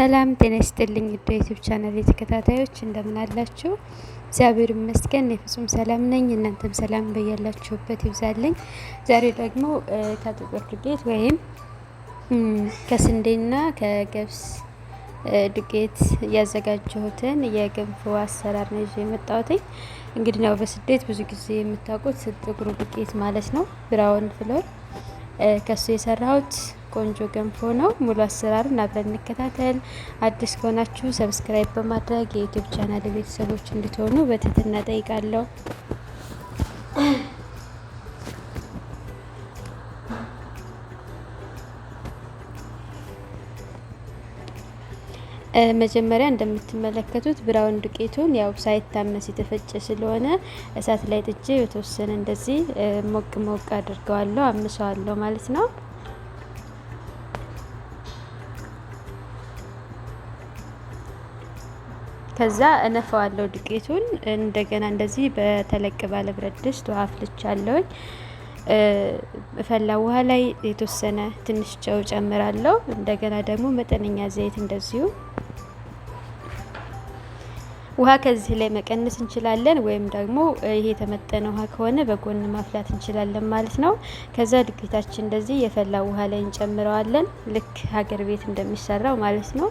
ሰላም ጤና ይስጥልኝ ውድ የዩቲዩብ ቻናል የተከታታዮች እንደምን አላችሁ? እግዚአብሔር ይመስገን የፍጹም ሰላም ነኝ። እናንተም ሰላም በያላችሁበት ይብዛልኝ። ዛሬ ደግሞ ከጥቁር ዱቄት ወይም ከስንዴና ከገብስ ዱቄት ያዘጋጀሁትን የገንፎ አሰራር ነው ይዤ የመጣሁት። እንግዲህ ነው በስደት ብዙ ጊዜ የምታውቁት ጥቁር ዱቄት ማለት ነው ብራውን ፍሎር ከሱ የሰራሁት ቆንጆ ገንፎ ነው። ሙሉ አሰራሩን አብረን እንከታተል። አዲስ ከሆናችሁ ሰብስክራይብ በማድረግ የዩቲዩብ ቻናል ቤተሰቦች እንድትሆኑ በትህትና ጠይቃለሁ። መጀመሪያ እንደምትመለከቱት ብራውን ዱቄቱን ያው ሳይታመስ የተፈጨ ስለሆነ እሳት ላይ ጥጄ የተወሰነ እንደዚህ ሞቅ ሞቅ አድርገዋለሁ፣ አምሰዋለሁ ማለት ነው። ከዛ እነፈዋለሁ ዱቄቱን እንደገና እንደዚህ በተለቅ ባለ ብረት ድስት ውሃ አፍልቻለሁኝ። እፈላ ውሃ ላይ የተወሰነ ትንሽ ጨው ጨምራለሁ። እንደገና ደግሞ መጠነኛ ዘይት እንደዚሁ ውሃ ከዚህ ላይ መቀነስ እንችላለን፣ ወይም ደግሞ ይሄ የተመጠነ ውሃ ከሆነ በጎን ማፍላት እንችላለን ማለት ነው። ከዛ ድግታችን እንደዚህ የፈላ ውሃ ላይ እንጨምረዋለን፣ ልክ ሀገር ቤት እንደሚሰራው ማለት ነው።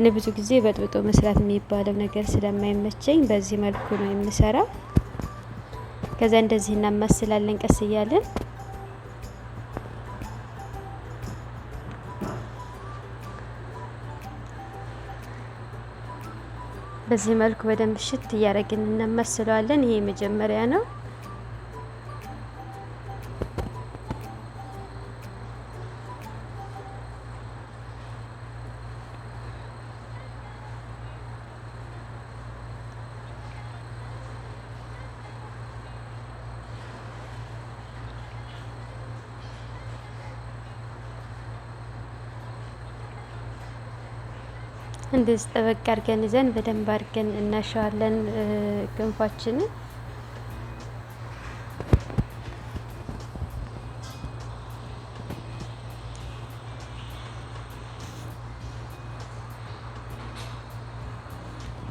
እኔ ብዙ ጊዜ በጥብጦ መስራት የሚባለው ነገር ስለማይመቸኝ በዚህ መልኩ ነው የምሰራው። ከዛ እንደዚህ እናማስላለን ቀስ እያለን በዚህ መልኩ በደንብ ሽት እያደረግን እንመስለዋለን። ይሄ መጀመሪያ ነው። እንደዚህ ጠበቅ አድርገን ይዘን በደንብ አድርገን እናሸዋለን ክንፋችንን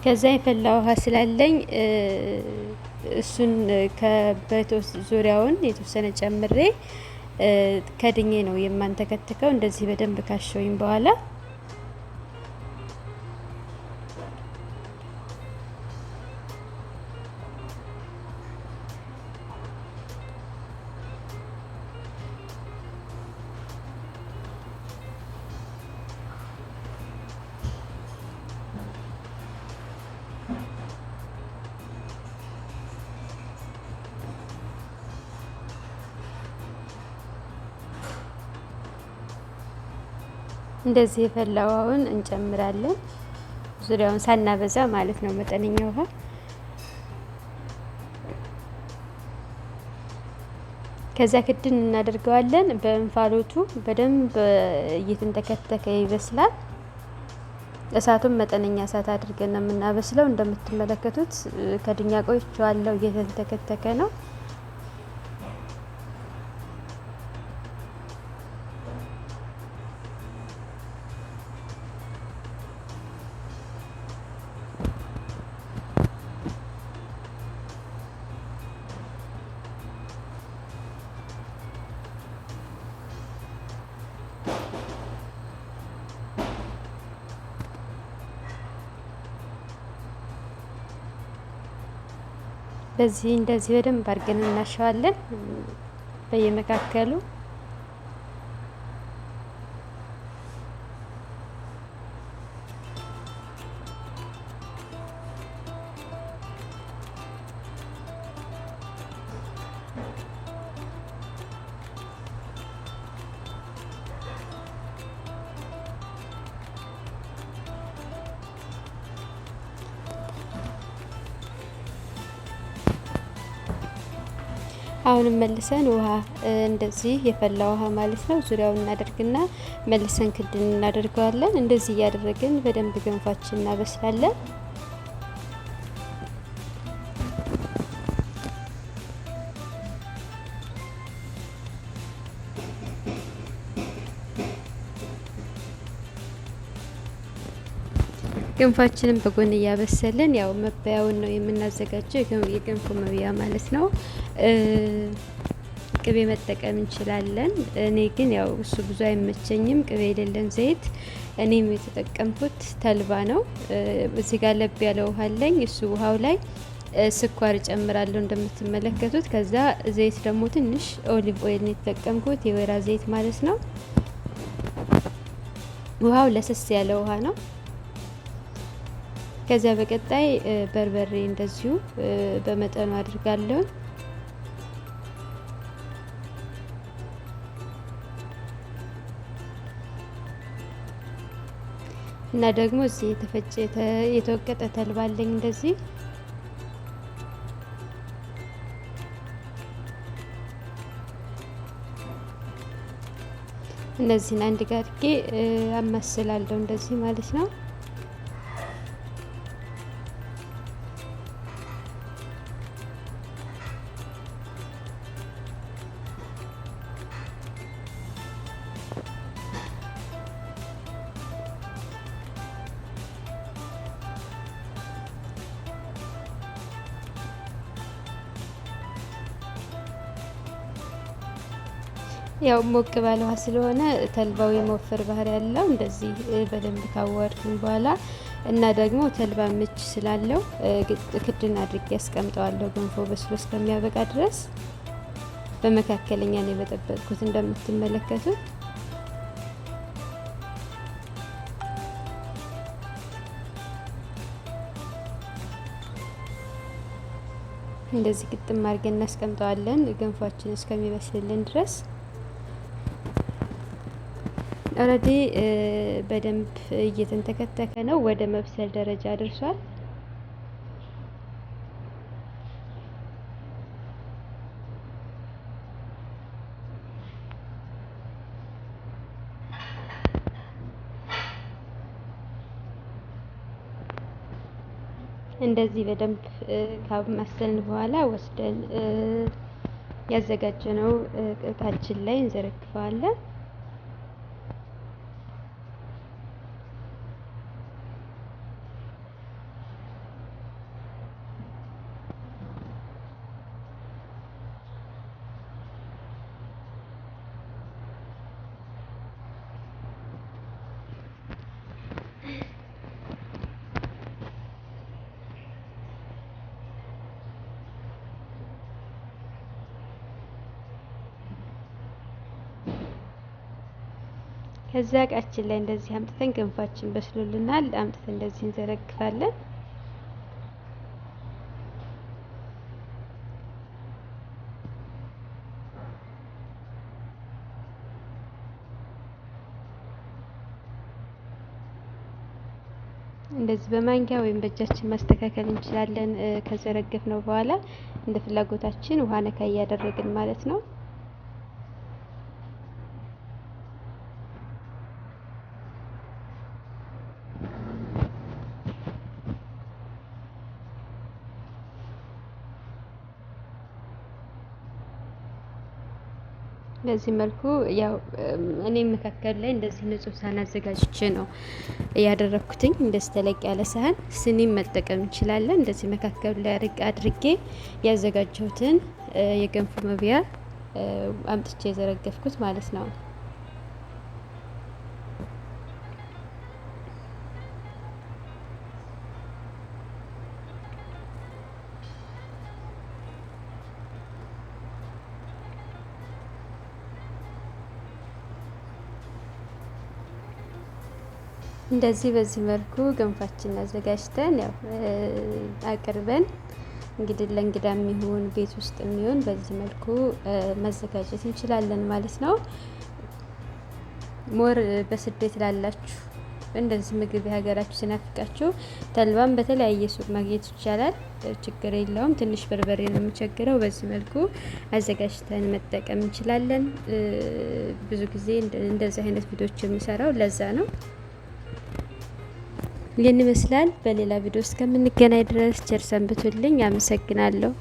ከዛ የፈላ ውሃ ስላለኝ እሱን ከበቶ ዙሪያውን የተወሰነ ጨምሬ ከድኜ ነው የማንተከትከው። እንደዚህ በደንብ ካሸውኝ በኋላ እንደዚህ ውሃውን እንጨምራለን። ዙሪያውን ሳናበዛ ማለት ነው። መጠነኛ ውሃ ከዛ ክድን እናደርገዋለን። በእንፋሎቱ በደንብ እየተንተከተከ ይበስላል። እሳቱን መጠነኛ እሳት አድርገን ነው የምናበስለው። እንደምትመለከቱት ከድኛ ቆይቼዋለሁ፣ እየተንተከተከ ነው። በዚህ እንደዚህ በደንብ አድርገን እናሸዋለን በየመካከሉ አሁንም መልሰን ውሃ እንደዚህ የፈላ ውሃ ማለት ነው ዙሪያውን እናደርግና መልሰን ክድን እናደርገዋለን። እንደዚህ እያደረግን በደንብ ገንፋችን እናበስላለን። ግንፋችንን በጎን እያበሰልን ያው መበያውን ነው የምናዘጋጀው፣ የገንፎ መብያ ማለት ነው። ቅቤ መጠቀም እንችላለን። እኔ ግን ያው እሱ ብዙ አይመቸኝም፣ ቅቤ የሌለን ዘይት። እኔም የተጠቀምኩት ተልባ ነው። እዚህ ጋር ለብ ያለ ውሃ አለኝ። እሱ ውሃው ላይ ስኳር እጨምራለሁ እንደምትመለከቱት። ከዛ ዘይት ደግሞ ትንሽ ኦሊቭ ኦይል የተጠቀምኩት፣ የወይራ ዘይት ማለት ነው። ውሃው ለስስ ያለ ውሃ ነው። ከዚያ በቀጣይ በርበሬ እንደዚሁ በመጠኑ አድርጋለሁ። እና ደግሞ እዚህ የተፈጨ የተወቀጠ ተልባ አለኝ እንደዚህ እነዚህን አንድ ጋር አድርጌ አማስላለሁ እንደዚህ ማለት ነው። ያው ሞቅ ባለ ውሃ ስለሆነ ተልባው የመወፈር ባህሪ ያለው እንደዚህ በደንብ ካዋርድን በኋላ እና ደግሞ ተልባ ምች ስላለው ክድን አድርጌ ያስቀምጠዋለሁ። ገንፎ በስሎ እስከሚያበቃ ድረስ በመካከለኛ ነው የበጠበጥኩት እንደምትመለከቱት። እንደዚህ ግጥም አድርገን እናስቀምጠዋለን ገንፏችን እስከሚበስልልን ድረስ ኦልሬዲ በደንብ እየተንተከተከ ነው፣ ወደ መብሰል ደረጃ ደርሷል። እንደዚህ በደንብ ካማሰልን በኋላ ወስደን ያዘጋጀነው እቃችን ላይ እንዘረግፈዋለን። ከዛ እቃችን ላይ እንደዚህ አምጥተን ገንፋችን በስሎልናል። አምጥተን እንደዚህ እንዘረግፋለን። እንደዚህ በማንኪያ ወይም በእጃችን ማስተካከል እንችላለን። ከዘረገፍ ነው በኋላ እንደ ፍላጎታችን ውሃ ነካ እያደረግን ማለት ነው። በዚህ መልኩ ያው እኔ መካከል ላይ እንደዚህ ንጹህ ሳህን አዘጋጅቼ ነው ያደረኩትኝ። እንደዚህ ተለቅ ያለ ሳህን ስኒም መጠቀም እንችላለን። እንደዚህ መካከል ላይ ርቅ አድርጌ ያዘጋጀሁትን የገንፎ መብያ አምጥቼ የዘረገፍኩት ማለት ነው። እንደዚህ በዚህ መልኩ ገንፋችን አዘጋጅተን ያው አቅርበን እንግዲህ ለእንግዳ የሚሆን ቤት ውስጥ የሚሆን በዚህ መልኩ መዘጋጀት እንችላለን ማለት ነው። ሞር በስደት ላላችሁ እንደዚህ ምግብ የሀገራችሁ ሲናፍቃችሁ ተልባም በተለያየ ሱቅ ማግኘት ይቻላል። ችግር የለውም። ትንሽ በርበሬ ነው የሚቸግረው። በዚህ መልኩ አዘጋጅተን መጠቀም እንችላለን። ብዙ ጊዜ እንደዚህ አይነት ቪዲዮዎች የምሰራው ለዛ ነው። ይህን ይመስላል። በሌላ ቪዲዮ እስከምንገናኝ ድረስ ቸር ሰንብቱልኝ። አመሰግናለሁ።